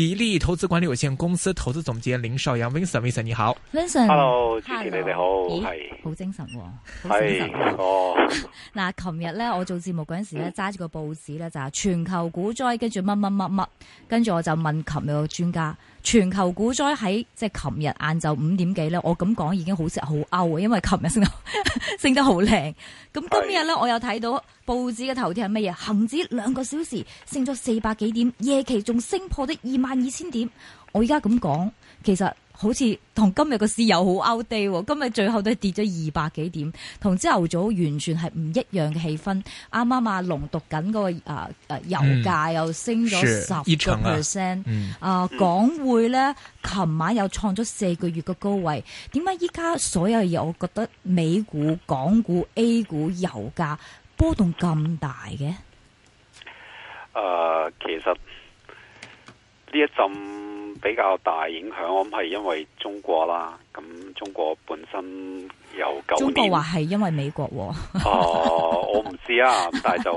以利益投資管理有限公司投資總監林少陽，Vincent，Vincent 你好，Vincent，Hello，哈嘍，Vincent, Vincent, 你好，係， 好精神，係，哦，嗱、哦，琴 日咧，我做節目嗰陣時咧，揸住個報紙咧就係全球股災，跟住乜乜乜乜，跟住我就問琴日個專家。全球股災喺即係琴日晏晝五點幾咧，我咁講已經好似好 out 啊，因為琴日升升得好靚，咁 今日咧我又睇到報紙嘅頭條係乜嘢？恒指兩個小時升咗四百幾點，夜期仲升破咗二萬二千點。我而家咁講，其實。好似同今日個市又好 out day，今日最後都跌咗二百幾點，同朝頭早完全係唔一樣嘅氣氛。啱啱、那個呃嗯、啊，龍讀緊嗰個誒誒油價又升咗十個 percent，啊港匯咧琴晚又創咗四個月嘅高位。點解依家所有嘢，我覺得美股、港股、A 股、油價波動咁大嘅？誒、呃，其實呢一陣。比較大影響，我諗係因為中國啦，咁、嗯、中國本身有九。中國話係因為美國。哦，我唔知啊，知道但係就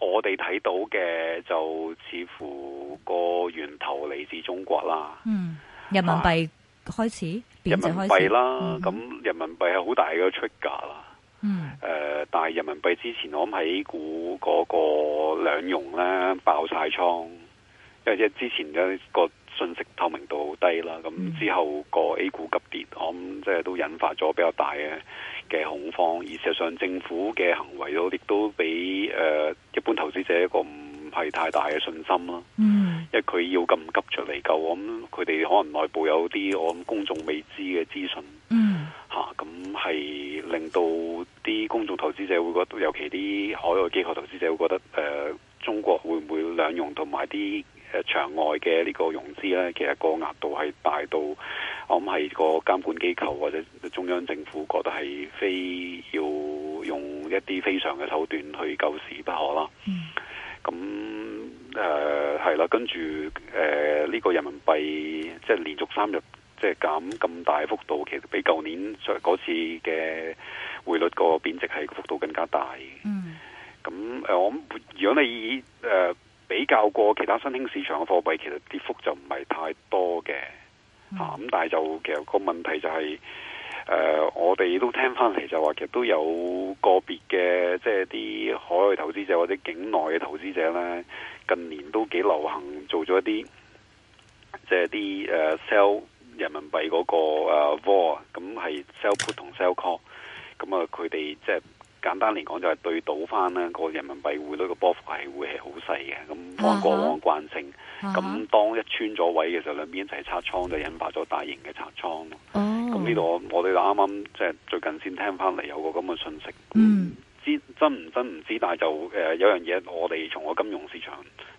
我哋睇到嘅就似乎個源頭嚟自中國啦。嗯，人民幣開始，啊、人民幣啦，咁人民幣係好大嘅出價啦。嗯。誒、嗯啊，但係人民幣之前我諗喺股嗰個兩融咧爆晒倉，因為即係之前咧、那個。信息透明度好低啦，咁之後個 A 股急跌，咁即係都引發咗比較大嘅嘅恐慌。而事實上，政府嘅行為都亦都俾誒、呃、一般投資者一個唔係太大嘅信心咯。嗯，因為佢要咁急着嚟救，咁佢哋可能內部有啲我諗公眾未知嘅資訊。嗯，吓咁係令到啲公眾投資者會覺得，尤其啲海外機構投資者會覺得，誒、呃，中國會唔會兩用同埋啲？誒場外嘅呢個融資咧，其實個額度係大到，我諗係個監管機構或者中央政府覺得係非要用一啲非常嘅手段去救市不可啦。咁、嗯、係、呃、啦，跟住誒呢個人民幣即係、就是、連續三日即係減咁大幅度，其實比舊年嗰次嘅匯率個貶值係幅度更加大。咁、嗯、誒，我如果你誒。呃比較過其他新興市場嘅貨幣，其實跌幅，幅就唔係太多嘅，吓、嗯、咁、啊、但係就其實個問題就係、是，誒、呃、我哋都聽翻嚟就話，其實都有個別嘅即係啲海外投資者或者境內嘅投資者咧，近年都幾流行做咗一啲，即係啲誒 sell 人民幣嗰、那個誒 vol 啊，咁、uh, 係 sell put 同 sell call，咁啊佢哋即係。簡單嚟講，就係對倒翻咧個人民幣匯率嘅波幅係會係好細嘅。咁按過往嘅慣性，咁、uh -huh. uh -huh. 當一穿咗位嘅時候，兩邊一齊拆倉，就是、引發咗大型嘅拆倉咯。咁呢度我哋就啱啱即係最近先聽翻嚟有個咁嘅信息。嗯、uh -huh.，知真唔真唔知，但係就誒有樣嘢我哋從個金融市場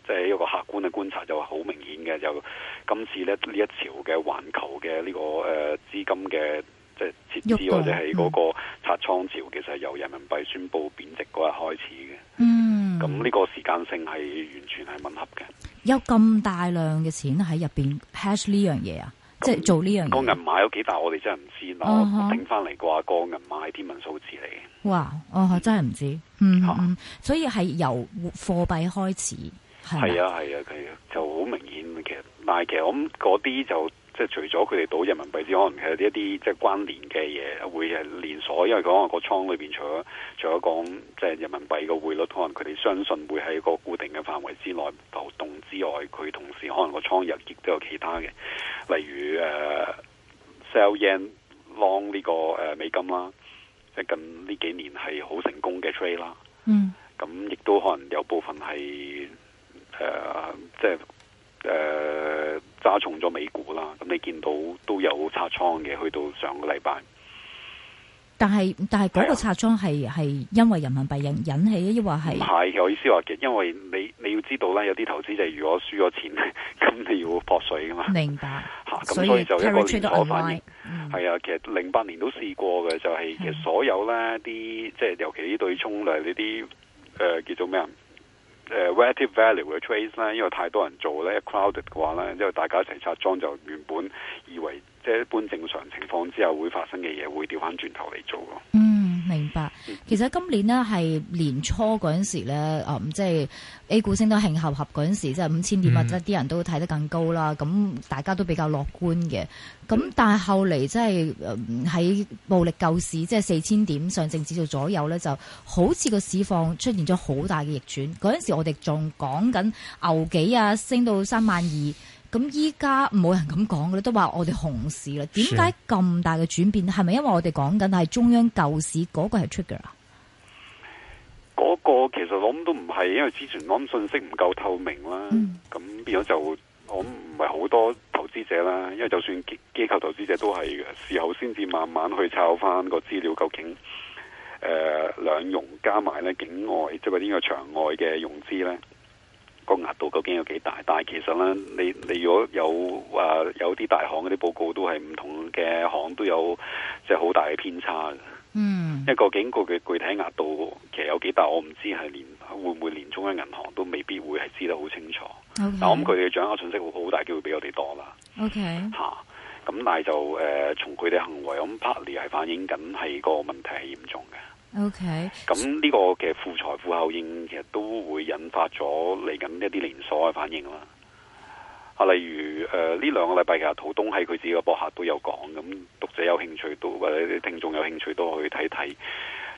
即係一個客觀嘅觀察就好明顯嘅，就今次咧呢一潮嘅環球嘅呢個誒資金嘅。即係撤資，或者係嗰個拆倉潮，其實係由人民幣宣布貶值嗰日開始嘅。嗯，咁呢個時間性係完全係吻合嘅。有咁大量嘅錢喺入邊 hash 呢樣嘢啊，即係做呢樣。個銀碼有幾大？我哋真係唔知啦。頂翻嚟嘅話，個銀碼係天文數字嚟。哇，我真係唔知。嗯，所以係由貨幣開始。係啊係啊，佢就好明顯嘅。但係其實我諗嗰啲就。即係除咗佢哋賭人民幣之外，可能係一啲即係關聯嘅嘢會係連鎖，因為講話個倉裏邊除咗除咗講即係人民幣嘅匯率，可能佢哋相信會喺個固定嘅範圍之內浮動之外，佢同時可能個倉入亦都有其他嘅，例如誒、uh, sell yen long 呢、這個誒、uh, 美金啦，即近呢幾年係好成功嘅 trade 啦。嗯，咁亦都可能有部分係誒、uh, 即係誒。Uh, 揸重咗美股啦，咁你見到都有拆倉嘅，去到上個禮拜。但係但係嗰個拆倉係係因為人民幣引引起，抑或係。唔係，我意思話嘅，因為你你要知道咧，有啲投資就係如果輸咗錢咧，咁 你要撲水噶嘛。明白。吓、 嗯，咁所,所以就一個連鎖反應。係啊，其實零八年都試過嘅，就係、是、其實所有咧啲，即係尤其呢對沖咧呢啲，誒、呃、叫做咩啊？誒、uh, relative value 嘅 trace 咧，因為太多人做咧 crowded 嘅話咧，因為大家一齊拆裝，就原本以為即係一般正常情況之下會發生嘅嘢，會調翻轉頭嚟做咯。嗯、mm.。其實今年呢，係年初嗰陣時呢即係、嗯就是、A 股升得慶合合嗰陣時，即、就、係、是、五千點或者啲人都睇得更高啦。咁大家都比較樂觀嘅。咁但係後嚟即係喺暴力救市，即、就、係、是、四千點上證指數左右呢，就好似個市況出現咗好大嘅逆轉。嗰陣時我哋仲講緊牛幾啊，升到三萬二。咁依家冇人咁講嘅咧，都話我哋熊市啦。點解咁大嘅轉變？係咪因為我哋講緊係中央救市嗰、那個係 trigger 啊？嗰、那個其實我諗都唔係，因為之前我諗信息唔夠透明啦，咁、嗯、變咗就我諗唔係好多投資者啦。因為就算機機構投資者都係事後先至慢慢去抄翻個資料，究竟誒兩、呃、融加埋咧境外即係呢個場外嘅融資咧。個額度究竟有幾大？但係其實咧，你你如果有話、啊、有啲大行嗰啲報告都係唔同嘅，行都有即係好大嘅偏差嘅。嗯，一個警告嘅具體額度其實有幾大，我唔知係連會唔會連中央銀行都未必會係知得好清楚。嗱、okay.，我諗佢哋嘅掌握信息會好大機會比我哋多啦。OK，吓、啊，咁但係就誒，從佢哋行為咁 partly 係反映緊係個問題係嚴重嘅。OK，咁呢個嘅負財富效應其實都會引發咗嚟緊一啲連鎖嘅反應啦。啊，例如誒呢、呃、兩個禮拜其實陶冬喺佢自己嘅博客都有講，咁讀者有興趣到，或者啲聽眾有興趣都去睇睇，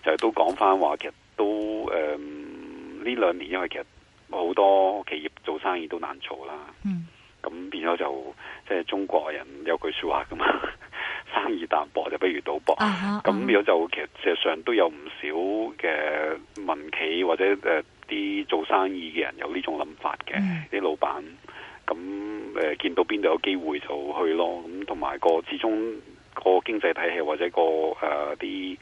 就係、是、都講翻話，其實都誒呢、呃、兩年因為其實好多企業做生意都難做啦。嗯，咁變咗就即係、就是、中國人有句說話噶嘛。生意淡薄，就不如賭博，咁、uh、有 -huh, uh -huh. 就其實事實上都有唔少嘅民企或者誒啲做生意嘅人有呢種諗法嘅啲、mm. 老闆，咁誒見到邊度有機會就去咯，咁同埋個始終個經濟體系或者、那個誒啲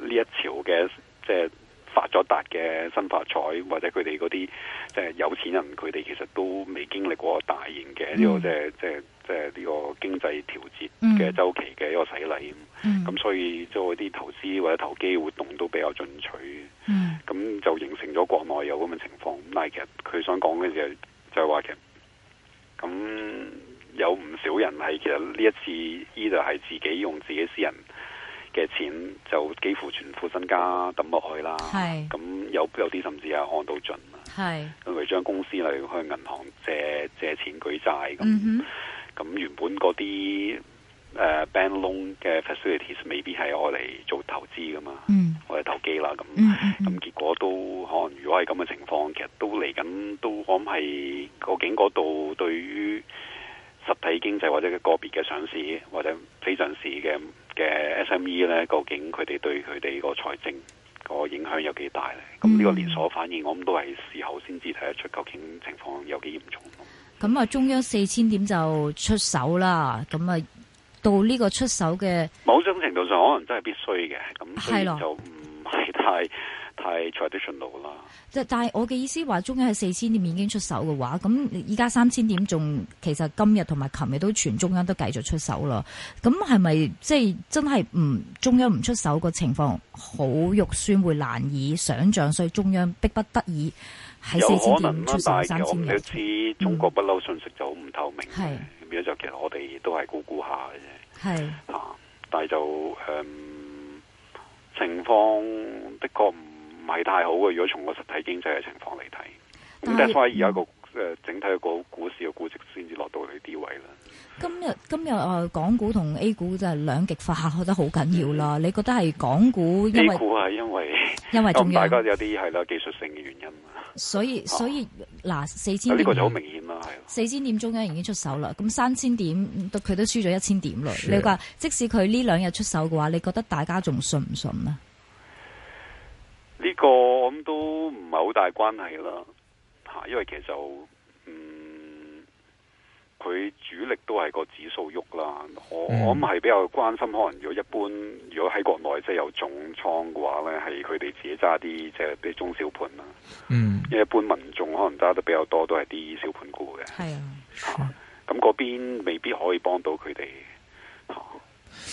呢一潮嘅即係發咗達嘅新發財或者佢哋嗰啲即係有錢人，佢哋其實都未經歷過大型嘅呢、mm. 個即係即係。就是即係呢個經濟調節嘅周期嘅一個洗禮，咁、嗯嗯、所以做啲投資或者投機活動都比較進取，咁、嗯、就形成咗國內有咁嘅情況。咁但係其實佢想講嘅就係就係話嘅，咁有唔少人係其實呢一次呢度係自己用自己私人嘅錢，就幾乎全副身家抌落去啦。係咁有有啲甚至啊按到盡啦，係咁佢將公司嚟去銀行借借錢舉債咁。咁原本嗰啲誒 bank loan 嘅 facilities 未必係我嚟做投資噶嘛，我、mm. 嚟投機啦咁。咁、mm -hmm. 結果都可能，如果係咁嘅情況，其實都嚟緊都，我諗係究竟嗰度對於實體經濟或者個別嘅上市或者非上市嘅嘅 SME 咧，究竟佢哋對佢哋個財政個影響有幾大咧？咁、mm、呢 -hmm. 個連鎖反應，我諗都係事後先至睇得出究竟情況有幾嚴重。咁啊，中央四千點就出手啦。咁啊，到呢個出手嘅，某種程度上可能真係必須嘅。咁就唔係太太 traditional 啦。即係，但係我嘅意思話，中央喺四千點已經出手嘅話，咁而家三千點仲其實今日同埋琴日都全中央都繼續出手啦。咁係咪即係真係唔中央唔出手個情況好肉酸會難以想象，所以中央逼不得已。有可能啦，但係我唔知道中國不嬲，信息，就好唔透明。係、嗯，變咗就其實我哋都係估估下嘅啫。係、啊，但係就、嗯、情況的確唔唔係太好嘅。如果從個實體經濟嘅情況嚟睇，咁但係反而一個誒整體個股市嘅估值，先至落到你啲位啦。今日今日誒、呃、港股同 A 股就係兩極化，嗯、我覺得好緊要啦。你覺得係港股？A 股係因為因為，因為大家有啲係啦技術性嘅原因所以所以嗱、啊，四千點呢、這個、就好明顯啦，係四千點，中央已經出手啦，咁三千點佢都輸咗一千點啦。你話即使佢呢兩日出手嘅話，你覺得大家仲信唔信啊？呢、這個咁都唔係好大關係啦，吓，因為其實就。佢主力都係個指數喐啦，嗯、我我諗係比較關心，可能如果一般如果喺國內即係有重倉嘅話咧，係佢哋自己揸啲即係啲中小盤啦。嗯，一般民眾可能揸得比較多都係啲小盤股嘅。係啊，咁嗰邊未必可以幫到佢哋。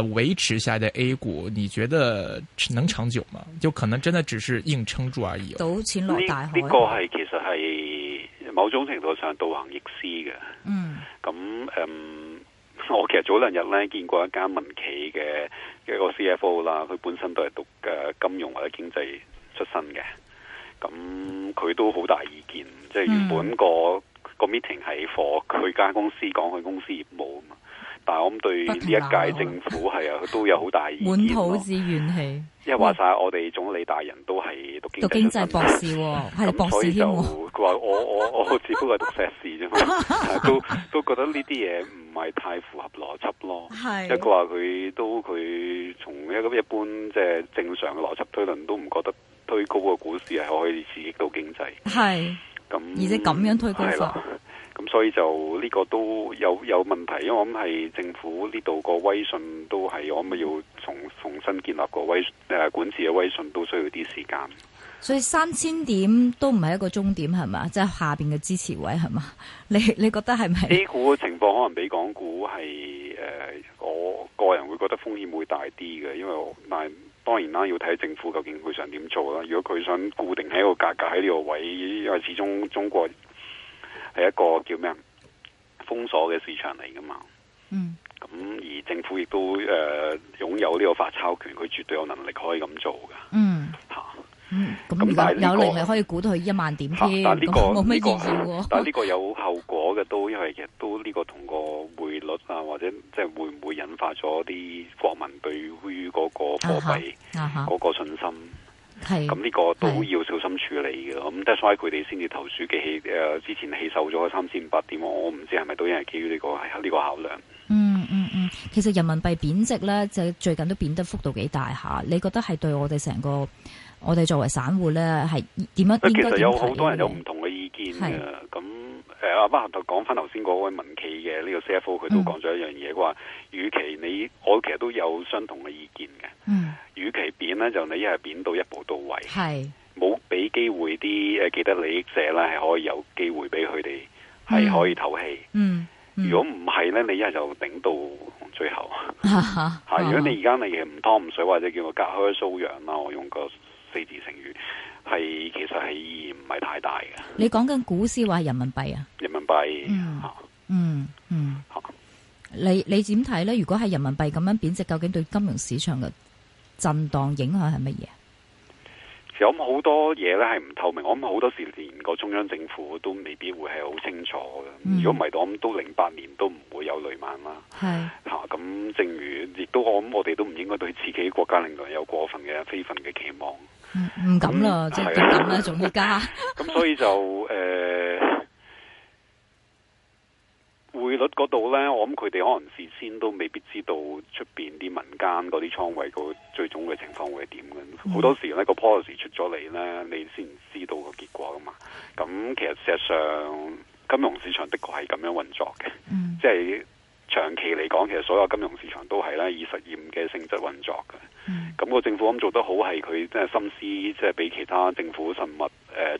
維持下的 A 股，你覺得能長久嗎？就可能真的只是硬撐住而已、啊。賭錢落大海。呢個係其實係某種程度上道行亦師嘅。嗯。咁、嗯、誒，我其實早兩日咧見過一間民企嘅一個 CFO 啦，佢本身都係讀金融或者經濟出身嘅。咁、嗯、佢都好大意見，即係原本、那個、嗯那個 meeting 係火佢間公司講佢、嗯、公司業務啊嘛。但係我諗對呢一屆政府係啊，都有好大意見咯。滿肚子怨氣，因為話晒我哋總理大人，都係讀經濟博士，啊，咁 所以就佢話 我我我只不過係讀碩士啫嘛， 都都覺得呢啲嘢唔係太符合邏輯咯。係，即係佢話佢都佢從一個一般即係正常嘅邏輯推論，都唔覺得推高個股市係可以刺激到經濟。係，咁而且咁樣推高。咁所以就呢個都有有問題，因為我諗係政府呢度個威信都係我諗要重重新建立個威誒、呃、管治嘅威信，都需要啲時間。所以三千點都唔係一個終點係嘛，即係、就是、下邊嘅支持位係嘛？你你覺得係咪？A 股嘅情況可能比港股係誒、呃，我個人會覺得風險會大啲嘅，因為但係當然啦，要睇政府究竟佢想點做啦。如果佢想固定喺個價格喺呢個位，因為始終中國。係一個叫咩？封鎖嘅市場嚟噶嘛？嗯，咁而政府亦都誒擁、呃、有呢個發鈔權，佢絕對有能力可以咁做噶。嗯，吓、啊，嗯、咁、嗯、這個、有能力可以估到佢一萬點添，冇、啊、意義但係呢、這個、啊、這個、個有後果嘅，都因為其實都呢個同個匯率啊，或者即係會唔會引發咗啲國民對於嗰個貨幣嗰個信心？啊係，咁呢個都要小心處理嘅。咁得以佢哋先至投鼠誒，之前起售咗三千八點，我唔知係咪都係基於呢、這個係呢、這個考量。嗯嗯嗯，其實人民幣貶值咧，就最近都貶得幅度幾大下，你覺得係對我哋成個，我哋作為散戶咧，係點樣？其實有好多人有唔同嘅意見嘅。誒阿巴合頭講翻頭先嗰位民企嘅呢、呢個 CFO，佢都講咗一樣嘢，佢、嗯、話：與其你，我其實都有相同嘅意見嘅。嗯，與其貶咧，就你一係貶到一步到位，係冇俾機會啲誒既得利益者咧，係可以有機會俾佢哋係可以透氣。嗯，如果唔係咧，你一係就頂到最後。嚇 如果你而家你唔湯唔水，或者叫我隔靴搔癢啦，我用個四字成語。係其實係意義唔係太大嘅。你講緊股市話係人民幣啊？人民幣吓，嗯嗯。吓、嗯，你你點睇咧？如果係人民幣咁樣貶值，究竟對金融市場嘅震盪影響係乜嘢？其實我諗好多嘢咧係唔透明，我諗好多時連個中央政府都未必會係好清楚嘅。如果唔係，我諗都零八年都唔會有雷曼啦。係吓，咁正如亦都我諗，我哋都唔應該對自己國家領導人有過分嘅非分嘅期望。唔、嗯、敢啦、嗯，即係咁啦，仲會加。咁 所以就誒，呃、 匯率嗰度呢，我諗佢哋可能事先都未必知道出邊啲民間嗰啲倉位個最終嘅情況會係點嘅。好、嗯、多時候呢、那個 policy 出咗嚟呢，你先知道個結果噶嘛。咁其實事實上，金融市場的確係咁樣運作嘅，即、嗯、係、就是、長期嚟講，其實所有金融市場都係呢以實驗嘅性質運作嘅。嗯咁個政府咁做得好，係佢真係心思，即係比其他政府神物誒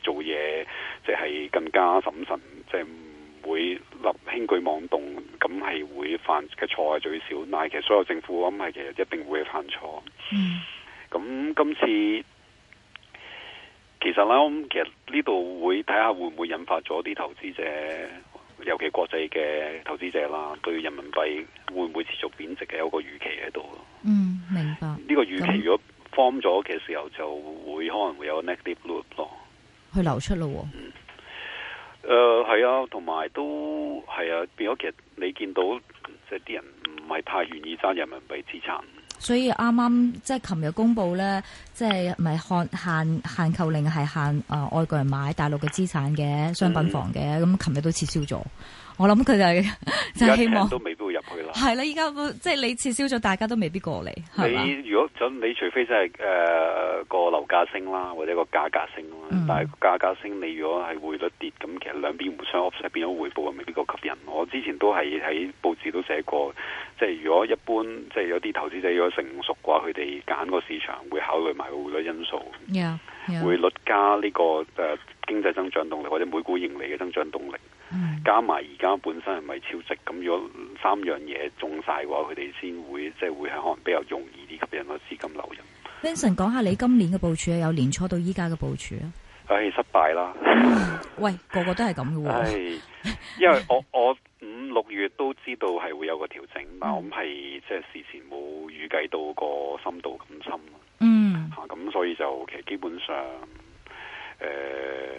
做嘢，即係更加審慎，即係唔會立輕舉妄動。咁係會犯嘅錯係最少。但係其實所有政府咁係其實一定會犯錯。嗯，咁今次其實咧，咁其實呢度會睇下會唔會引發咗啲投資者，尤其國際嘅投資者啦，對人民幣會唔會持續貶值嘅有一個預期喺度。嗯，明白。呢、這個預期，如果放咗嘅時候、嗯，就會可能會有 negative loop 咯，去流出咯、哦。嗯，誒、呃、係啊，同埋都係啊，變咗其實你見到即係啲人唔係太願意揸人民幣資產，所以啱啱即係琴日公佈咧，即係咪限限購令係限誒、呃、外國人買大陸嘅資產嘅商品房嘅，咁琴日都撤銷咗。我諗佢就係、 就希望都未必會入去啦。係啦，依家即係你撤銷咗，大家都未必過嚟。你如果你除非真係誒個樓價升啦，或者個價格升啦、嗯、但係價格升，你如果係匯率跌，咁其實兩邊互相 offset，變回報未必咁吸引。我之前都係喺報紙都寫過，即係如果一般即係有啲投資者如果成熟嘅話，佢哋揀個市場會考慮埋個匯率因素，匯、yeah, yeah. 率加呢、這個誒、呃、經濟增長動力或者每股盈利嘅增長動力。嗯、加埋而家本身係咪超值？咁如果三樣嘢中晒嘅話，佢哋先會即係、就是、會係可能比較容易啲吸引到資金流入。Vincent 講、嗯、下你今年嘅部署啊，有年初到依家嘅部署啊？唉、哎，失敗啦！ 喂，個個都係咁嘅。唉、哎，因為我我五六月都知道係會有個調整、嗯，但我唔係即係事前冇預計到個深度咁深。嗯、吓、啊、咁所以就其實基本上。誒、呃，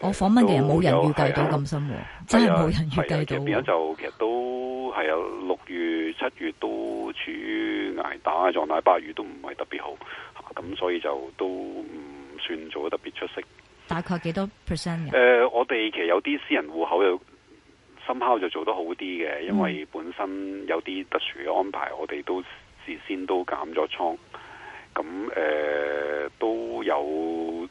我訪問嘅人其實冇人預計到咁深喎、啊，真係冇人預計到。變咗就其實都係由、啊、六月、七月到處於捱打嘅狀態，八月都唔係特別好咁、嗯啊、所以就都唔算做得特別出色。大概幾多 percent 嘅、呃？我哋其實有啲私人戶口 somehow 就做得好啲嘅、嗯，因為本身有啲特殊嘅安排，我哋都事先都減咗倉，咁誒、呃、都有。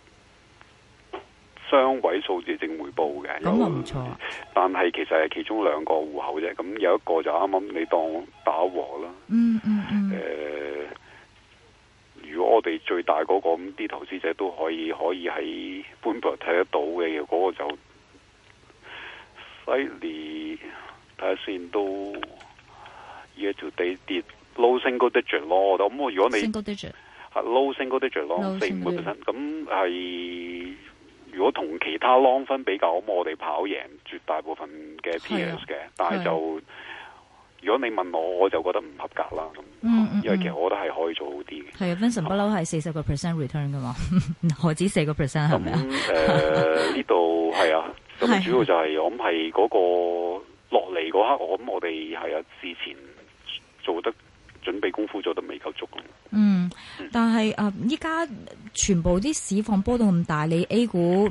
雙位數字正回報嘅，咁唔錯。但係其實係其中兩個戶口啫，咁有一個就啱啱你當打和啦。嗯嗯誒、嗯呃，如果我哋最大嗰、嗰個咁啲投資者都可以可以喺盤報睇得到嘅，嗰、嗰個就犀利。睇下先都，而家就地跌，low single digit 咯。咁我如果你 low single digit 咯、uh，四五 percent 咁係。如果同其他 long 分比較，咁我哋跑贏絕大部分嘅 peers 嘅，但係就、啊、如果你問我，我就覺得唔合格啦。嗯因為其實我覺得係可以做好啲嘅。啊。係啊 Vincent 不嬲係四十個 percent、嗯、return 噶嘛，何止四個 percent 係咪啊？咁呢度係啊，咁主要就係、是啊、我諗係嗰個落嚟嗰刻，我諗我哋係啊之前做得。準備功夫咗，都未夠足嗯，嗯，但係啊，依、呃、家全部啲市況波動咁大，你 A 股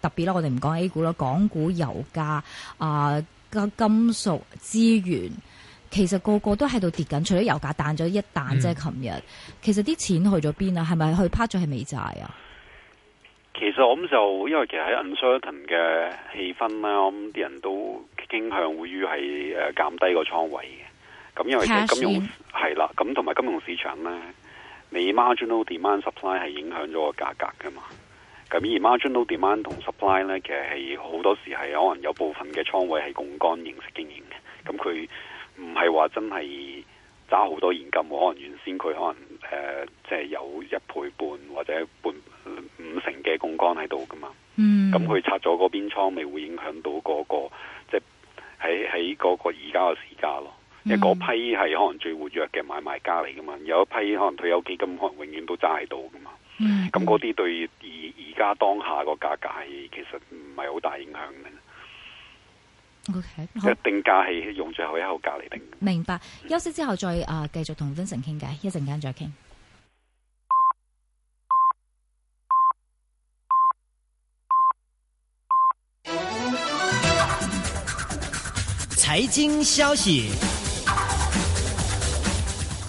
特別啦，我哋唔講 A 股啦，港股、油價啊、呃、金屬資源，其實個個都喺度跌緊。除咗油價彈咗一彈啫，琴、嗯、日其實啲錢去咗邊啊？係咪去 part 咗係美債啊？其實我諗就因為其實喺 uncertain 嘅氣氛啦，我諗啲人都傾向會於係誒減低個倉位嘅。咁因為金融係啦，咁同埋金融市場咧，你 marginal demand supply 係影響咗個價格㗎嘛。咁而 marginal demand 同 supply 咧，其實係好多時係可能有部分嘅倉位係槓桿形式經營嘅。咁佢唔係話真係揸好多現金，可能原先佢可能即係、呃就是、有一倍半或者半五成嘅槓桿喺度噶嘛。咁、嗯、佢拆咗嗰邊倉，咪會影響到嗰、那個即係喺喺嗰個而家嘅市價咯。嗯、一嗰批係可能最活躍嘅買賣家嚟噶嘛，有一批可能退休基金可能永遠都揸喺度噶嘛，咁嗰啲對而而家當下個價格係其實唔係好大影響嘅，okay，好。一定價係用最後一口價嚟定。明白。休息之後再啊，繼、呃、續同 Vincent 傾偈，一陣間再傾。財經消息。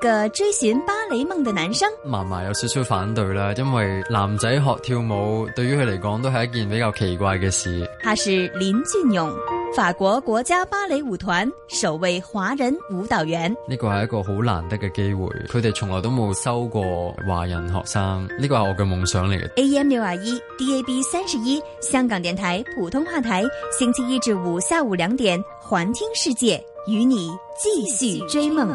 個追尋芭蕾夢的男生，媽媽有少少反對啦，因為男仔學跳舞對於佢嚟講都係一件比較奇怪嘅事。他是林俊勇，法國國家芭蕾舞團首位華人舞蹈員。呢個係一個好難得嘅機會，佢哋從來都冇收過華人學生。呢個係我嘅夢想嚟嘅。AM 六二一，DAB 三十一，香港電台普通話台，星期一至五下午兩點，環聽世界，與你繼續追夢。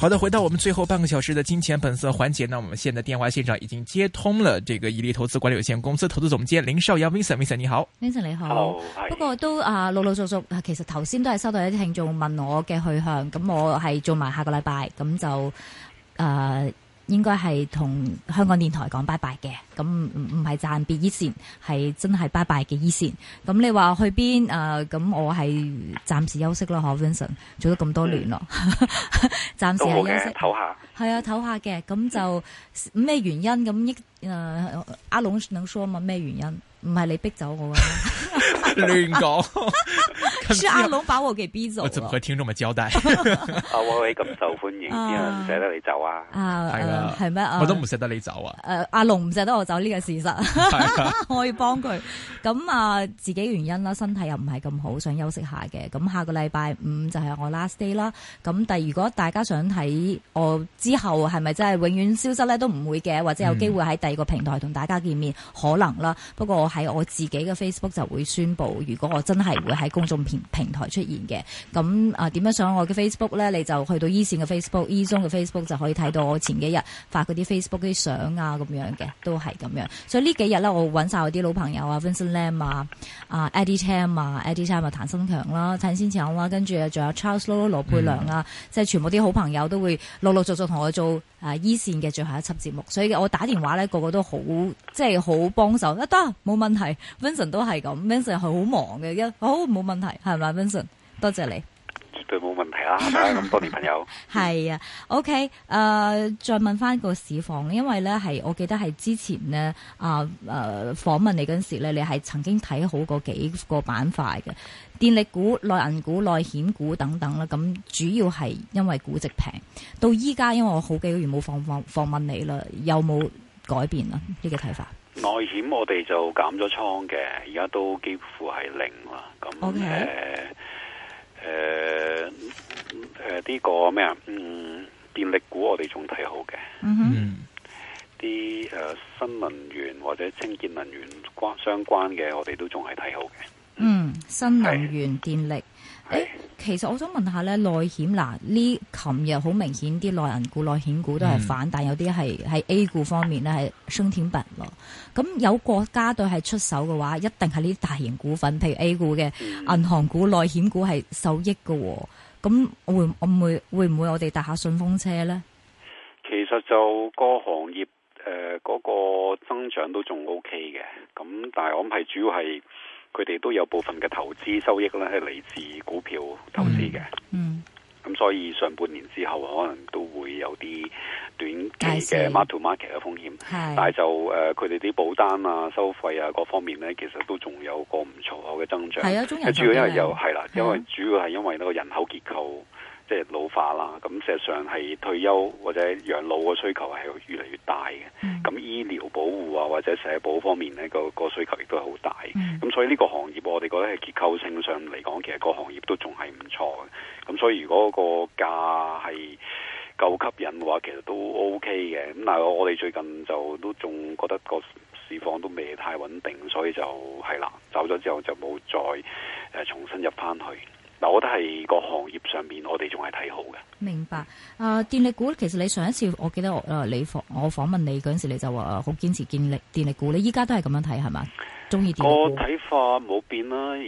好的，回到我們最後半個小時的金錢本色環節，那我們現在電話現場已經接通了，這個伊利投資管理有限公司投資總監林少陽，Vincent，Vincent 你好，Vincent 你好，Vincent，你好，Hello，不過都啊，老老實實，其實頭先都係收到一啲聽眾問我嘅去向，咁我係做埋下個禮拜，咁就誒。呃應該係同香港電台講拜拜嘅，咁唔唔係暫別一線，係真係拜拜嘅一線。咁你話去邊？誒，咁我係暫時休息啦，嗬 Vincent，做咗咁多年咯，暫、嗯、 時係休息。都唞 一下。係 啊，唞下嘅，咁就咩原因？咁一誒，uh, 阿龍能說嘛咩原因？唔係你逼走我啊！亂 講、啊啊啊啊啊啊，是阿龍把我嘅逼走。我怎麼會聽這咪交代？阿威咁受歡迎，邊有捨得你走啊？啊，係啦，係咩我都唔捨得你走啊！誒，阿龍唔捨得我走呢個事實，啊、 可以幫佢。咁啊，自己原因啦，身體又唔係咁好，想休息下嘅。咁下個禮拜五就係我 last day 啦。咁但，如果大家想睇我之後係咪真係永遠消失咧，都唔會嘅。或者有機會喺第二個平台同大家見面，嗯、可能啦。不過。喺我自己嘅 Facebook 就會宣布，如果我真係會喺公眾平平台出現嘅。咁啊點樣上我嘅 Facebook 咧？你就去到 E 線嘅 Facebook、E 中嘅 Facebook 就可以睇到我前幾日發嗰啲 Facebook 啲相啊咁樣嘅，都係咁樣。所以呢幾日咧，我搵晒我啲老朋友啊，Vincent Lam 啊、啊 Eddie Tam 啊、Eddie Tam 啊、譚新強啦、陳先強啦，跟住仲有 Charles Lo 羅佩良啊、嗯，即係全部啲好朋友都會陸陸續續同我做。啊！一線嘅最後一輯節目，所以我打電話咧，個個都好即係好幫手。得、啊、冇問題，Vincent 都係咁，Vincent 係好忙嘅好冇問題係咪 v i n c e n t 多謝你絕對冇問題啦，咁 多年朋友係啊。OK，誒、呃，再問翻個市況，因為咧係我記得係之前呢啊誒訪問你嗰陣時咧，你係曾經睇好過幾個板塊嘅。電力股、內銀股、內險股等等啦，咁主要係因為估值平。到依家因為我好幾個月冇放放放問你啦，又沒有冇改變啊？呢個睇法？內險我哋就減咗倉嘅，而家都幾乎係零啦。咁誒誒誒，呢、okay? 呃呃呃呢個咩啊？嗯，電力股我哋仲睇好嘅。嗯啲誒新能源或者清潔能源關相關嘅，我哋都仲係睇好嘅。嗯，新能源電力，誒，其實我想問下咧，內險嗱，呢琴日好明顯啲內銀股、內險股都係反彈，嗯，但有啲係喺 A 股方面咧係升天平咯。咁有國家隊係出手嘅話，一定係呢啲大型股份，譬如 A 股嘅銀行股、嗯、內險股係受益嘅。咁會，會，會，會，會我唔會會唔會我哋搭下順風車呢？其實就各、那個、行業誒、嗰、呃那個增長都仲 OK 嘅。咁但係我諗係主要係。佢哋都有部分嘅投資收益咧係嚟自股票投資嘅，咁、嗯嗯、所以上半年之後可能都會有啲短期嘅 mark to market 嘅風險，但係就誒佢哋啲保單啊、收費啊各方面咧，其實都仲有個唔錯嘅增長，係啊，主要因為由係啦，因為主要係因為呢個人口結構。即、就、係、是、老化啦，咁事實上係退休或者養老嘅需求係越嚟越大嘅。咁、嗯、醫療保護啊，或者社保方面咧，個、那個需求亦都係好大。咁、嗯、所以呢個行業，我哋覺得係結構性上嚟講，其實個行業都仲係唔錯嘅。咁所以如果個價係夠吸引嘅話，其實都 OK 嘅。咁但係我哋最近就都仲覺得個市況都未太穩定，所以就係啦，走咗之後就冇再誒重新入翻去。嗱，我覺得係個行業上面，我哋仲係睇好嘅。明白啊、呃，電力股其實你上一次我記得我誒，你訪我訪問你嗰陣時，你就話好堅持建力電力股，你依家都係咁樣睇係嘛？中意電力股。我睇法冇變啦，而、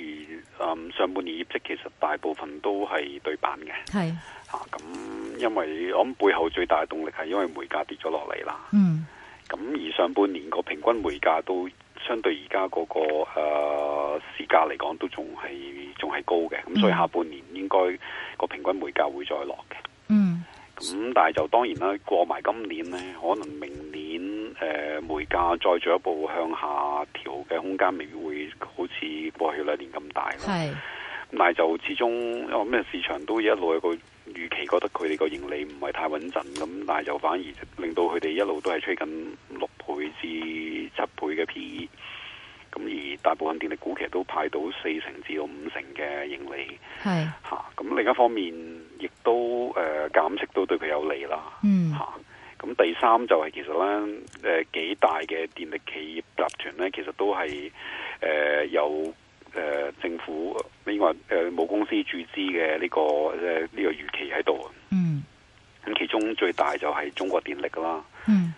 嗯、上半年業績其實大部分都係對版嘅。係咁、啊、因為我諗背後最大嘅動力係因為煤價跌咗落嚟啦。嗯。咁而上半年個平均煤價都。相對而家嗰個誒、呃、市價嚟講，都仲係仲係高嘅，咁、嗯、所以下半年應該個平均煤價會再落嘅。嗯，咁但係就當然啦，過埋今年咧，可能明年誒、呃、煤價再進一步向下調嘅空間未必會好似過去兩年咁大咯。係，但係就始終因為咩市場都一路有一個預期覺得佢哋個盈利唔係太穩陣咁，但係就反而就令到佢哋一路都係吹緊六。倍至七倍嘅 P/E，咁而大部分電力股其實都派到四成至到五成嘅盈利，係吓。咁、啊、另一方面亦都誒減息都對佢有利啦，吓、嗯。咁、啊、第三就係其實咧，誒、呃、幾大嘅電力企業集團咧，其實都係誒、呃、有誒、呃、政府應該話誒母公司注資嘅呢、這個誒呢、呃這個預期喺度嗯。咁其中最大就係中國電力啦。嗯。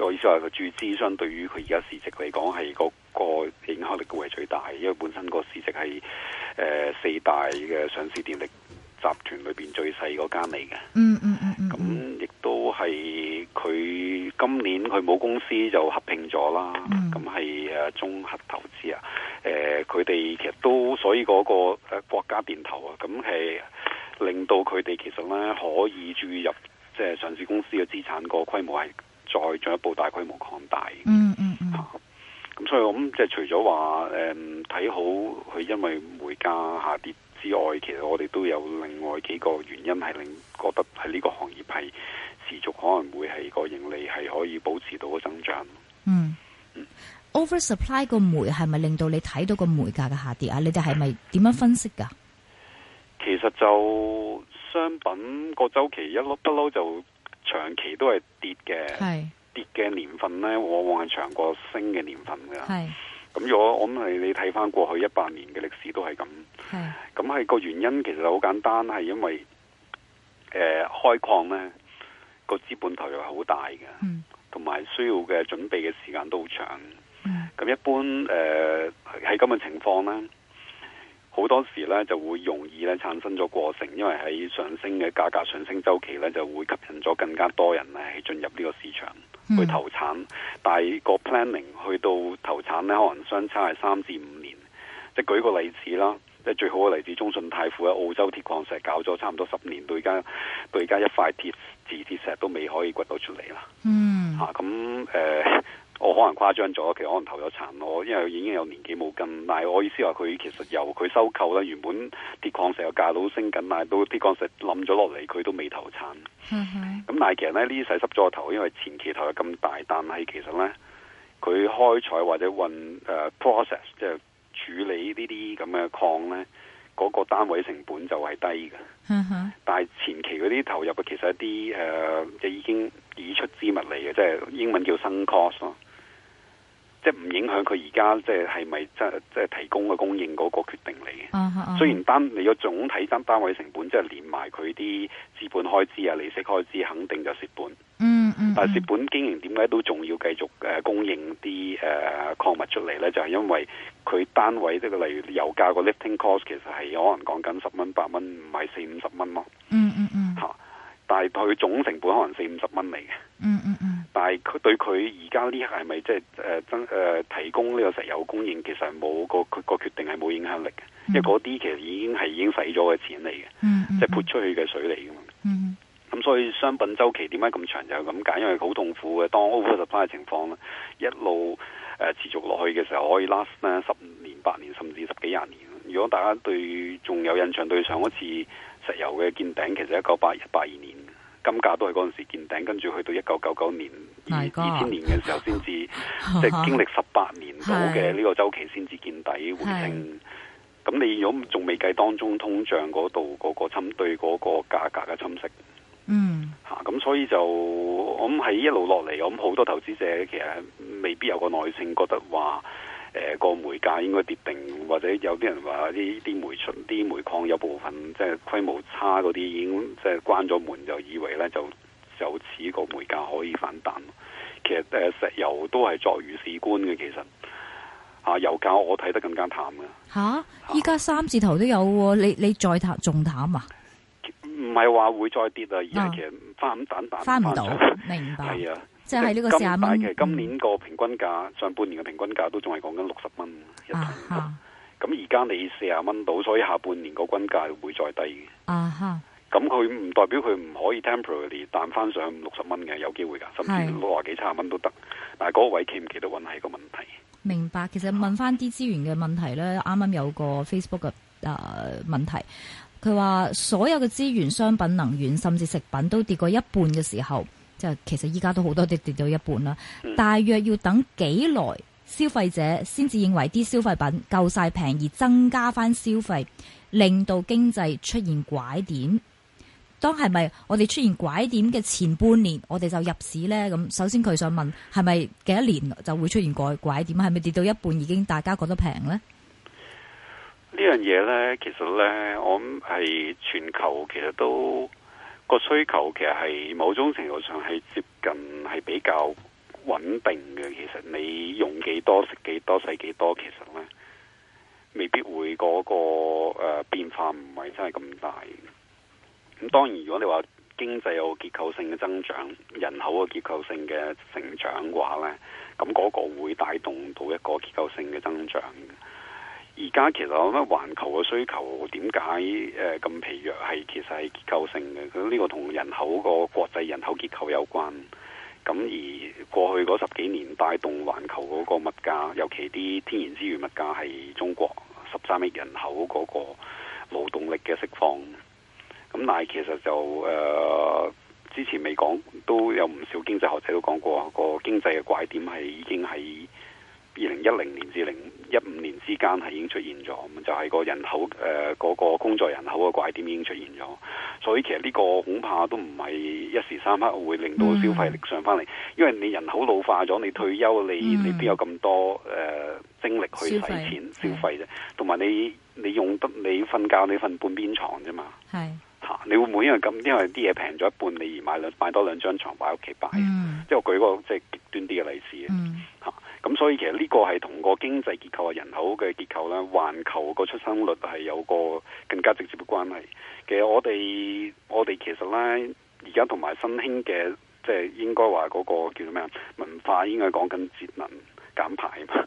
我意思話，佢注資相對於佢而家市值嚟講，係嗰、那個那個影響力會係最大，因為本身那個市值係誒、呃、四大嘅上市電力集團裏邊最細嗰間嚟嘅。嗯嗯嗯。咁、嗯、亦都係佢今年佢冇公司就合併咗啦。咁係誒綜合投資啊。誒、呃，佢哋其實都所以嗰個國家電投啊，咁係令到佢哋其實咧可以注入即係、呃、上市公司嘅資產個規模係。再進一步大規模擴大。嗯嗯嗯。咁、嗯啊、所以，我諗即係除咗話誒睇好佢因爲煤價下跌之外，其實我哋都有另外幾個原因係令覺得係呢個行業係持續可能會係個盈利係可以保持到個增長。嗯。嗯、Oversupply 個煤係咪令到你睇到個煤價嘅下跌啊？你哋係咪點樣分析噶、嗯？其實就商品個週期一碌不嬲就長期都係跌嘅，跌嘅年份咧，我往往係長過升嘅年份噶。咁我我諗係你睇翻過去一百年嘅歷史都係咁。咁係個原因其實好簡單，係因為誒、呃、開礦咧個資本投入係好大嘅，同、嗯、埋需要嘅準備嘅時間都好長。咁、嗯、一般誒喺咁嘅情況咧，好多時咧就會容易咧產生咗過剩，因為喺上升嘅價格上升周期咧就會吸引咗更加多人咧係進入呢個市場、嗯、去投產，但係個 planning 去到投產咧可能相差係三至五年。即係舉個例子啦，即係最好嘅例子，中信泰富喺澳洲鐵礦石搞咗差唔多十年，到而家到而家一塊鐵磁鐵石都未可以掘到出嚟啦。嗯，吓、咁、啊、誒。我可能誇張咗，其實可能投咗產咯，因為已經有年紀冇咁。但係我意思話，佢其實由佢收購咧，原本啲礦石個價佬升緊，但係都啲礦石冧咗落嚟，佢都未投產。咁、mm -hmm. 但係其實呢啲洗濕咗個頭，因為前期投入咁大，但係其實呢，佢開採或者運誒、uh, process 即係處理呢啲咁嘅礦呢。嗰、那個單位成本就係低嘅、嗯，但係前期嗰啲投入嘅其實一啲誒，即、呃、係已經已出資物嚟嘅，即、就、係、是、英文叫 sunk cost 咯，即係唔影響佢而家即係係咪即係即係提供嘅供應嗰個決定嚟嘅、嗯。雖然單你個總體單單位成本即係、就是、連埋佢啲資本開支啊、利息開支，肯定就蝕本。嗯嗯嗯，但蝕本經營點解都仲要繼續誒供應啲誒礦物出嚟咧？就係、是、因為佢單位呢個例如油價個 lifting cost 其實係可能講緊十蚊八蚊，唔係四五十蚊咯。嗯嗯嗯。吓、啊，但係佢總成本可能四五十蚊嚟嘅。嗯嗯嗯。但係佢對佢而家呢係咪即係誒增誒提供呢個石油供應，其實係冇個佢個決定係冇影響力嘅、嗯嗯，因為嗰啲其實已經係已經使咗嘅錢嚟嘅。即係潑出去嘅水嚟噶嘛。嗯，嗯。.咁所以商品周期點解咁長就係咁解，因為好痛苦嘅，當 over supply 嘅情況一路、呃、持續落去嘅時候，可以 last 十五年、八年甚至十幾廿年。如果大家對仲有印象，對上一次石油嘅見頂，其實一九八一八二年金價都係嗰陣時見頂，跟住去到一九九九年二千年嘅時候先至， 即係經歷十八年到嘅呢個周期先至見底回升。咁 你如果仲未計當中通脹嗰度嗰個侵對嗰個價格嘅侵蝕。嗯，吓、啊、咁所以就我諗喺一路落嚟，我諗好多投資者其實未必有個耐性，覺得話誒個煤價應該跌定，或者有啲人話啲啲煤產、啲煤礦有部分即係規模差嗰啲，已經即係、就是、關咗門，就以為咧就就似個煤價可以反彈。其實誒、呃、石油都係作如是觀嘅，其實、啊、油價我睇得更加淡嘅。吓、啊，依家三字頭都有、啊，你你再淡仲淡啊？唔係話會再跌啊！而係其實翻唔翻唔到，明白係啊， 即係呢個四十蚊。但係其實今年個平均價，上半年嘅平均價都仲係講緊六十蚊一桶。咁而家你四十蚊到，所以下半年個均價會再低嘅。啊咁佢唔代表佢唔可以 temporary 彈翻上六十蚊嘅，有機會噶，甚至六廿幾七十蚊都得。但係嗰個位企唔企得穩係一個問題。明白。其實問翻啲資源嘅問題咧，啱啱有個 Facebook 嘅誒、呃、問題。佢話：所有嘅資源、商品、能源，甚至食品都跌過一半嘅時候，其實依家都好多跌跌到一半啦。大約要等幾耐，消費者先至認為啲消費品夠晒平而增加翻消費，令到經濟出現拐點。當係咪我哋出現拐點嘅前半年，我哋就入市呢？咁首先佢想問，「係咪幾多年就會出現拐拐點？係咪跌到一半已經大家覺得平呢？」呢樣嘢呢，其實呢，我諗係全球其實都個需求，其實係某種程度上係接近，係比較穩定嘅。其實你用幾多食幾多使幾多，其實呢未必會嗰個誒變化唔係真係咁大嘅。咁當然，如果你話經濟有個結構性嘅增長，人口嘅結構性嘅成長嘅話呢，咁個會帶動到一個結構性嘅增長嘅。而家其實我覺得環球嘅需求點解誒咁疲弱？係其實係結構性嘅，佢、這、呢個同人口個國際人口結構有關。咁而過去嗰十幾年帶動環球嗰個物價，尤其啲天然資源物價，係中國十三億人口嗰個勞動力嘅釋放。咁但係其實就、呃、之前未講，都有唔少經濟學者都講過、個經濟嘅拐點係已經喺，二零一零年至零一五年之間係已經出現咗，咁就係、是、個人口誒嗰、呃、個工作人口嘅拐點已經出現咗。所以其實呢個恐怕都唔係一時三刻會令到消費力上返嚟，嗯，因為你人口老化咗，你退休，你、嗯、你邊有咁多誒、呃、精力去使錢消費啫？同埋你你用得你瞓覺你瞓半邊床啫嘛，係吓、啊。你會唔會因為咁因為啲嘢平咗一半，你而買兩買多兩張床擺喺屋企擺？嗯，即我舉個即係極端啲嘅例子。嗯，啊。咁、嗯、所以其實呢個係同個經濟結構啊、人口嘅結構咧、環球個出生率係有個更加直接嘅關係。其實我哋我哋其實咧，而家同埋新興嘅、就是嗯，即係應該話嗰個叫做咩啊文化，應該講緊節能減排啊嘛。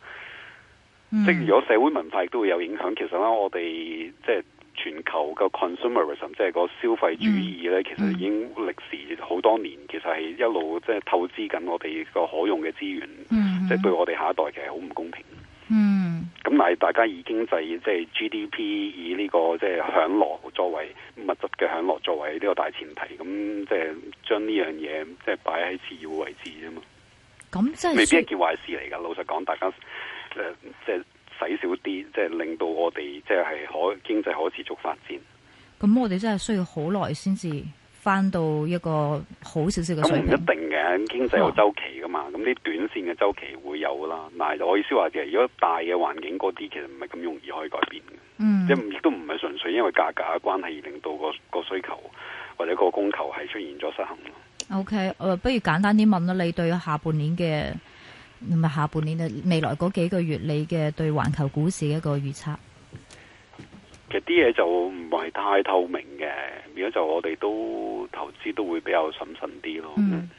即係如果社會文化都會有影響，其實咧我哋即係。全球嘅 consumerism，即係個消費主義咧、嗯，其實已經歷時好多年，其實係一路即係透支緊我哋個可用嘅資源，即、嗯、係、就係、對我哋下一代其實好唔公平。嗯，咁但係大家已經濟就即、是、係 GDP 以呢、呢個即係享樂作為物質嘅享樂作為呢個大前提，咁即係將呢樣嘢即係擺喺次要位置啫嘛。咁即係未必一件壞事嚟噶。老實講，大家誒即係。呃就係使少啲，即係令到我哋即係可經濟可持續發展。咁我哋真係需要好耐先至翻到一個好少少嘅水平。唔一定嘅，經濟有周期噶嘛。咁、啊、啲短線嘅周期會有啦。嗱，我意思話，其實如果大嘅環境嗰啲，其實唔係咁容易可以改變嘅。嗯，即係亦都唔係純粹因為價格嘅關係而令到個個需求或者個供求係出現咗失衡咯。O K，我不如簡單啲問啦，你對下半年嘅唔係下半年啊，未來嗰幾個月你嘅對環球股市嘅一個預測，其實啲嘢就唔係太透明嘅，如果就我哋都投資都會比較審慎啲咯。嗯，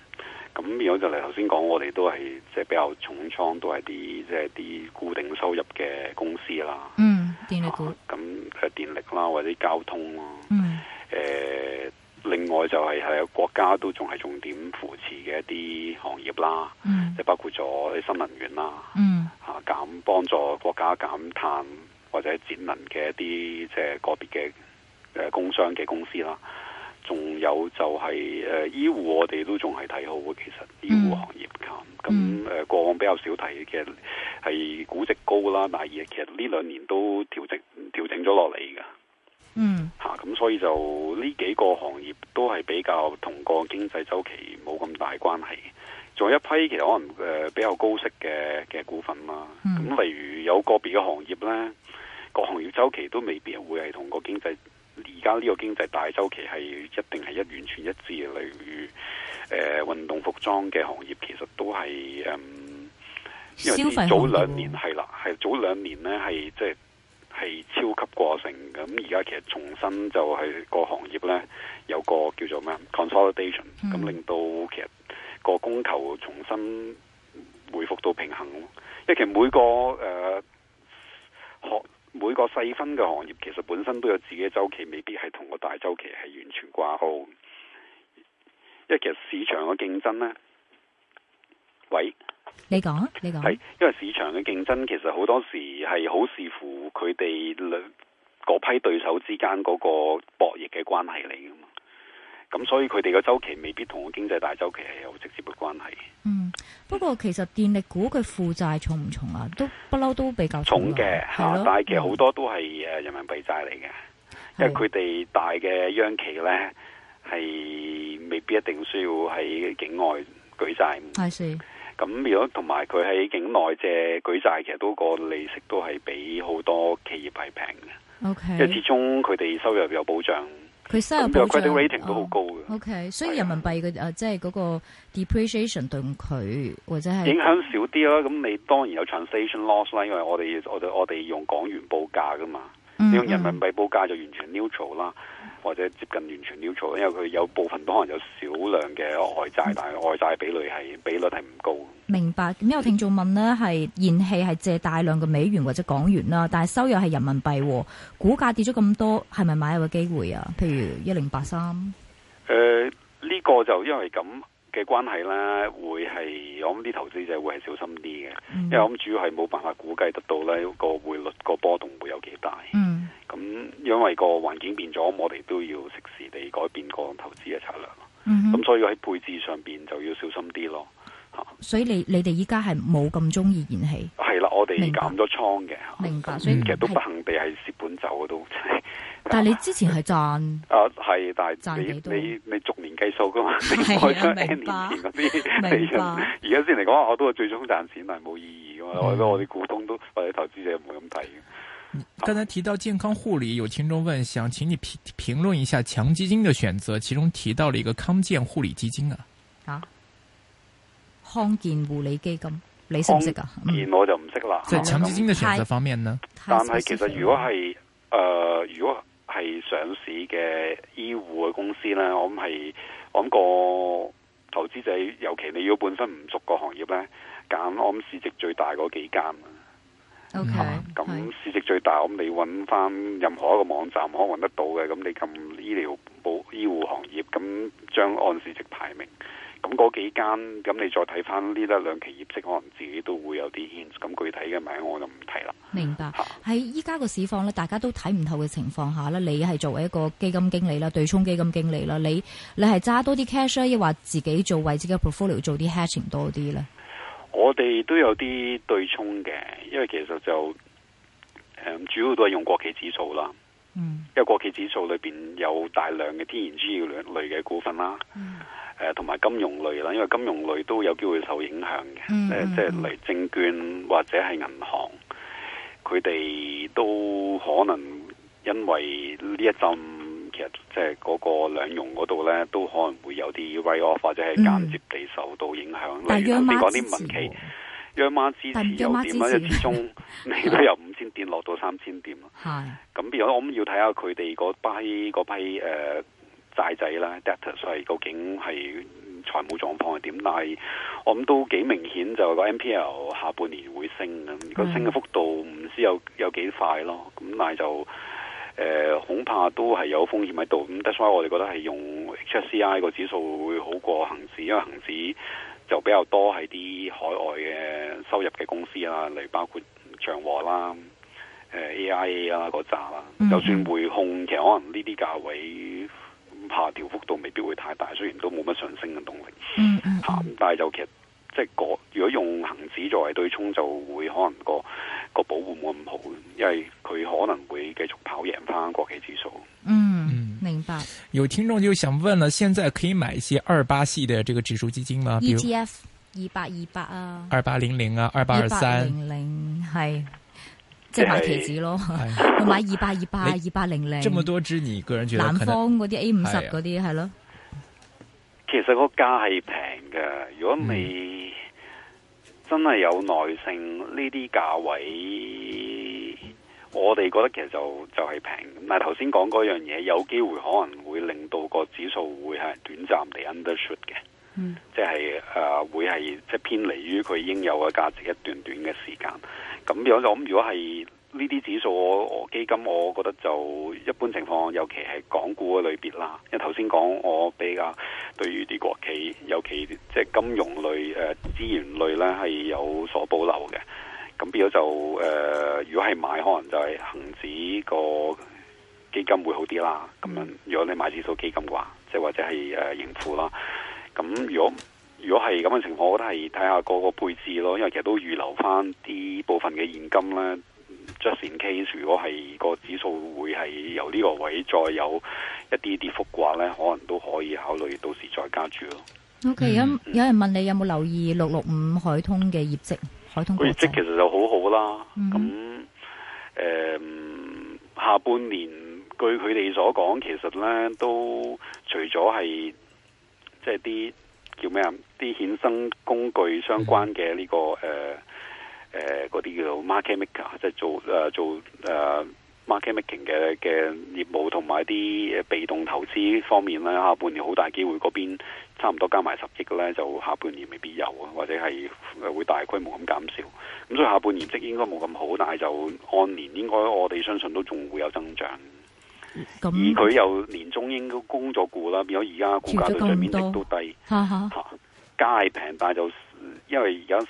咁如果就你頭先講，我哋都係即係比較重倉都係啲即係啲固定收入嘅公司啦。嗯，電力股、啊，咁誒電力啦或者交通咯。誒、嗯。呃另外就係係有國家都仲係重點扶持嘅一啲行業啦，就、嗯、包括咗啲新能源啦，嚇、嗯、減幫助國家減碳或者節能嘅一啲即係個別嘅誒工商嘅公司啦。仲有就係誒醫護，我哋都仲係睇好嘅。其實醫護行業咁，咁、嗯、誒、嗯、過往比較少睇嘅係估值高啦，但係其實呢兩年都調整調整咗落嚟嘅。嗯，吓、啊、咁所以就呢幾個行業都係比較同個經濟周期冇咁大關係，仲有一批其實可能誒比較高息嘅嘅股份啦，咁、嗯、例如有個別嘅行業咧，個行業周期都未必會係同個經濟而家呢個經濟大周期係一定係一完全一致，嘅，例如誒、呃、運動服裝嘅行業其實都係誒、嗯，因為早兩年係啦，係早兩年咧係即係。是就是係超級過剩咁，而家其實重新就係個行業呢，有個叫做咩 consolidation，咁、mm -hmm. 令到其實個供求重新恢復到平衡，因為其實每個誒行、呃、每個細分嘅行業，其實本身都有自己嘅周期，未必係同個大周期係完全掛鈎。因為其實市場嘅競爭呢，喂。你講，你講。係因為市場嘅競爭，其實好多時係好視乎佢哋兩批對手之間嗰個博弈嘅關係嚟噶嘛。咁所以佢哋嘅周期未必同個經濟大周期係有直接嘅關係。嗯，不過其實電力股佢負債重唔重啊？都不嬲都比較重嘅，啊、吓，但係其實好多都係誒人民幣債嚟嘅，因為佢哋大嘅央企咧係未必一定需要喺境外舉債。係咁如果同埋佢喺境內借舉債，其實嗰個利息都係比好多企業係平嘅。O、okay. K，因為始終佢哋收入有保障，佢收入保障，佢哋 rating、哦、都好高嘅。O、okay. K，所以人民幣嘅誒，即係嗰個 depreciation 對佢或者係、那個、影響少啲啦。咁你當然有 translation loss 啦，因為我哋我哋我哋用港元報價噶嘛，嗯嗯，你用人民幣報價就完全 neutral 啦。或者接近完全要做，因為佢有部分可能有少量嘅外債，但係外債比率係比率係唔高。明白。咁有聽眾問呢係燃氣係借大量嘅美元或者港元啦，但係收入係人民幣，股價跌咗咁多，係咪買有個機會啊？譬如一零八三。誒，呢個就因為咁嘅關係咧，會係我諗啲投資者會係小心啲嘅，嗯，因為我諗主要係冇辦法估計得到咧，個匯率個波動會有幾大。嗯。咁、嗯、因為個環境變咗，我哋都要適時地改變個投資嘅策略。咁、嗯嗯、所以喺配置上邊就要小心啲咯、啊。所以你你哋依家係冇咁中意燃氣？係啦，我哋減咗倉嘅。明白，啊明白嗯、所以、嗯、其實都不幸地係蝕本走嘅都。但係你之前係賺？啊係，但係賺幾多？你你，你逐年計數噶嘛？係啊，明 你可以明白。而家先嚟講，我都係最終賺錢但係冇意義噶嘛？我哋我哋股東都或者投資者唔會咁睇嘅。你剛才提到健康護理，有聽眾問，想請你評評論一下強基金嘅選擇，其中提到了一個康健護理基金啊。啊，康健護理基金，你識唔識㗎？嗯，我就唔識啦。即係強基金嘅選擇方面呢？但係其實如果係誒、呃，如果係上市嘅醫護嘅公司咧，我諗係我諗個投資者，尤其你要本身唔熟個行業咧，揀我諗市值最大嗰幾間。OK，咁、嗯、市值最大，咁你揾翻任何一個網站可揾得到嘅，咁你咁醫療保醫護行業，咁將按市值排名，咁嗰幾間，咁你再睇翻呢一兩期業績，可能自己都會有啲 hint。咁具體嘅名我就唔提啦。明白。喺依家個市況咧，大家都睇唔透嘅情況下咧，你係作為一個基金經理啦，對沖基金經理啦，你你係揸多啲 cash 咧，亦或自己做為自己嘅 portfolio 做啲 hatching 多啲咧？我哋都有啲對沖嘅，因為其實就、呃、主要都係用國企指數啦。嗯，因為國企指數裏面有大量嘅天然資源類嘅股份啦。誒、嗯，同、呃、埋金融類啦，因為金融類都有機會受影響嘅、嗯呃。即係嚟證券或者係銀行，佢哋都可能因為呢一陣即係嗰個兩融嗰度咧，都可能會有啲威脅或者係間接地受到影響、嗯。例如你講啲民企，央、嗯、媽支持，媽支持，媽支持又呢，又、 嗯、點, 3, 點？因始終你都由五千點落到三千點啦。係咁，變咗我諗要睇下佢哋嗰批嗰批誒債、呃、仔啦，Debtors 係究竟係財、嗯、務狀況係點？但係我諗都幾明顯就個 NPL 下半年會升嘅，如、嗯、果升嘅幅度唔知有有幾快咯。咁但係就。誒、呃、恐怕都係有風險喺度，咁但係所以我哋覺得係用 H C I 個指數會好過恆指，因為恆指就比較多係啲海外嘅收入嘅公司啊，嚟包括長和啦、誒、呃、A I A 啦嗰扎啦，mm -hmm. 就算匯控，其實可能呢啲價位下調幅度未必會太大，雖然都冇乜上升嘅動力，嚇、mm -hmm.，但係就其實。.即係如果用恒指作為對沖，就會可能個個保護冇咁好，因為佢可能會繼續跑贏翻國企指數。嗯，明白。有聽眾就想問啦，現在可以買一些二八係嘅這個指數基金嗎？E T F 二八二八啊，二八零零啊，二八二三零零係，即、就、係、是、買期指咯， 買二八二八、二八零零，這麼多支你個人覺得南方嗰啲 A 五十嗰啲係咯。A50 那些是啊是。其實個價係平嘅，如果未真係有耐性，呢啲價位，我哋覺得其實就就係、是、平。咁但係頭先講嗰樣嘢，有機會可能會令到個指數會係短暫地 undershoot 嘅，即係誒會係即係偏離於佢應有嘅價值一段短嘅時間。咁如果咁，如果係。呢啲指數基金，我覺得就一般情況，尤其係港股嘅類別啦。因為頭先講，我比較對於啲國企，尤其即係金融類、誒資源類咧係有所保留嘅。咁變咗就誒、呃，如果係買，可能就係恒指個基金會好啲啦。咁樣，如果你買指數基金嘅話，即係或者係誒盈富啦。咁如果如果係咁嘅情況，我覺得係睇下個個配置咯。因為其實都預留翻啲部分嘅現金咧。Just in case，如果係個指數會係由呢個位再有一啲跌幅嘅話咧，可能都可以考慮到時再加注咯。O K，有有人問你有冇留意六六五海通嘅業績？海通嘅業績其實就好好啦。咁、嗯、誒、呃，下半年據佢哋所講，其實咧都除咗係即係啲叫咩啊？啲衍生工具相關嘅呢、這個誒。嗯誒、呃，嗰啲叫做 market maker，即係做誒、呃、做誒、呃、market making 嘅嘅業務，同埋啲被動投資方面啦。下半年好大機會，嗰邊差唔多加埋十億嘅咧，就下半年未必有啊，或者係會大規模咁減少。咁所以下半年即係應該冇咁好，但係就按年應該我哋相信都仲會有增長。咁而佢又年中應該供咗股啦，變咗而家股價到最面跌都低。吓吓平但係就因為而家。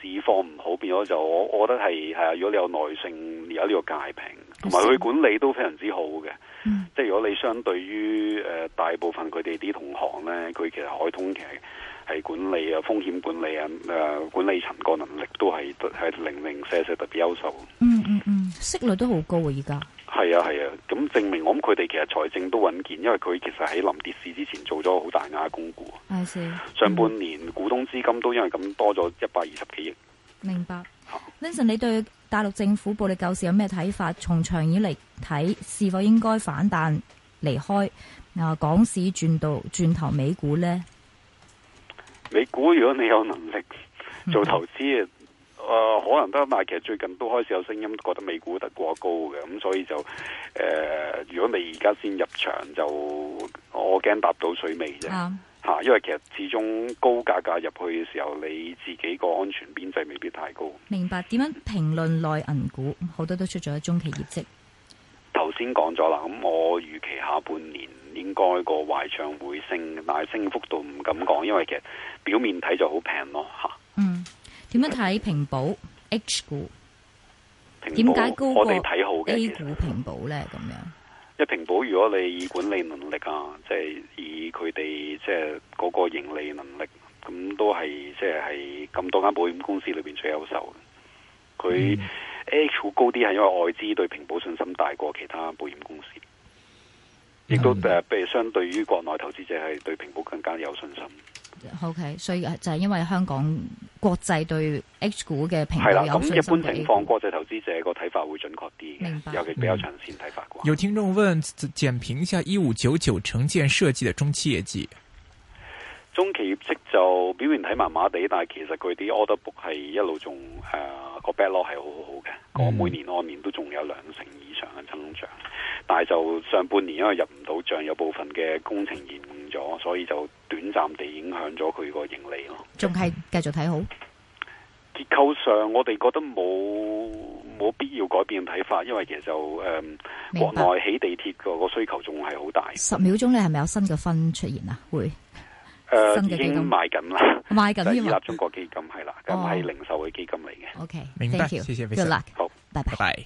市況唔好，變咗就我，我覺得係係啊！如果你有耐性，而家呢個戒平，同埋佢管理都非常之好嘅。嗯，即係如果你相對於誒大部分佢哋啲同行咧，佢其實海通其實係管理啊、風險管理啊、誒管理層個能力都係係零零舍舍特別優秀。嗯嗯嗯，息率都好高啊！而家。係啊係啊，咁、啊、證明我諗佢哋其實財政都穩健，因為佢其實喺臨跌市之前做咗好大額嘅供股。係，mm -hmm. 上半年股東資金都因為咁多咗一百二十幾億。明白。Vincent 你對大陸政府暴力救市有咩睇法？從長以嚟睇，是否應該反彈離開、啊？港市轉到轉頭美股呢？美、嗯、股如果你有能力做投資。Mm -hmm. 誒、呃，可能得，但係其實最近都開始有聲音覺得美股得過得高嘅，咁所以就誒、呃，如果你而家先入場，就我驚踏到水尾啫，吓、啊，因為其實始終高價格入去嘅時候，你自己個安全邊際未必太高。明白？點樣評論內銀股？好多都出咗中期業績。頭先講咗啦，咁我預期下半年應該個壞賬會升，但係升幅度唔敢講，因為其實表面睇就好平咯，吓。.點樣睇平保 H 股？點解我高過 A 股平保咧？咁樣，因為平保如果你以管理能力啊，即係以佢哋即係嗰個盈利能力，咁都係即係喺咁多間保險公司裏邊最優秀。佢 H 股高啲係因為外資對平保信心大過其他保險公司，亦都誒，譬如相對於國內投資者係對平保更加有信心。O、okay, K，所以就係因為香港國際對 H 股嘅評係啦，咁一般情況，國際投資者個睇法會準確啲，嘅，尤其比較長線睇法，嗯。有聽眾問，簡評一下一五九九城建設計嘅中期業績。中期業績就表面睇麻麻地，但係其實佢啲 order book 係一路仲誒個 backlog 係好好好嘅，嗯，我每年按年都仲有兩成以上嘅增長。但係就上半年因為入唔到賬，有部分嘅工程延誤咗，所以就短暫地影響咗佢個盈利咯。仲係繼續睇好？結構上，我哋覺得冇冇必要改變睇法，因為其實就誒、嗯，國內起地鐵個需求仲係好大。十秒鐘你係咪有新嘅分出現啊？會誒，呃、新嘅基金賣緊啦，賣緊。依家中國基金係啦，係、哦、零售嘅基金嚟嘅。OK，thank you，good luck。好，拜拜。